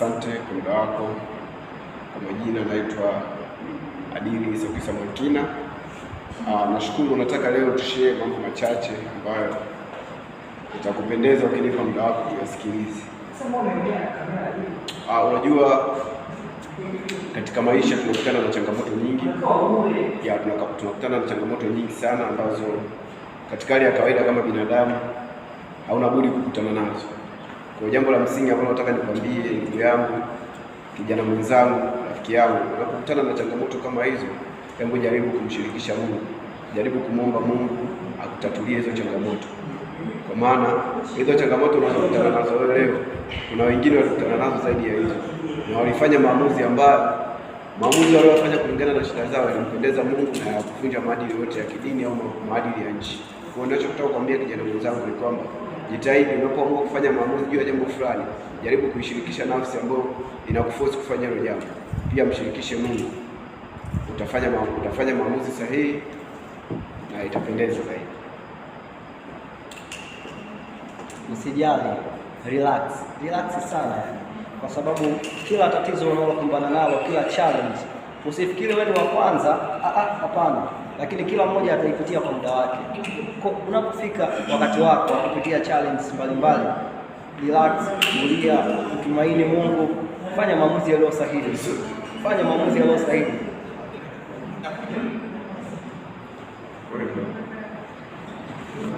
Asante kwa muda wako. Kwa majina naitwa Adili Sokisa Mwakina. Uh, ah, nashukuru. Nataka leo tushie mambo machache ambayo itakupendeza ukinipa muda wako kuyasikiliza. Uh, unajua katika maisha tunakutana na changamoto nyingi ya, tunakutana na changamoto nyingi sana ambazo katika hali ya kawaida kama binadamu hauna budi kukutana nazo. Kwa jambo la msingi ambalo nataka nikwambie ndugu yangu, kijana mwenzangu, rafiki yangu, unapokutana na changamoto kama hizo, hebu jaribu kumshirikisha Mungu, jaribu kumwomba Mungu akutatulie hizo changamoto, kwa maana hizo changamoto unazokutana nazo wewe leo, kuna wengine walikutana nazo zaidi ya hizo, na walifanya maamuzi ambayo maamuzi waliofanya kulingana na shida zao yalimpendeza Mungu na yakuvunja maadili yote ya kidini au maadili ya nchi. Kwa hiyo ndio ninachokuambia kijana mwenzangu ni kwamba jitahidi unapoamua kufanya maamuzi juu ya jambo fulani, jaribu kuishirikisha nafsi ambayo inakuforce kufanya hilo jambo. Pia mshirikishe Mungu, utafanya maamuzi, utafanya maamuzi sahihi na itapendeza zaidi. Msijali, relax relax sana, kwa sababu kila tatizo unalokumbana nalo, kila challenge, usifikiri wewe ni wa kwanza. Ah, ah hapana lakini kila mmoja ataipitia kwa muda wake. Unapofika wakati wako kupitia challenges mbalimbali, relax, tulia, mtumaini Mungu, fanya maamuzi yaliyo sahihi, fanya maamuzi yaliyo sahihi.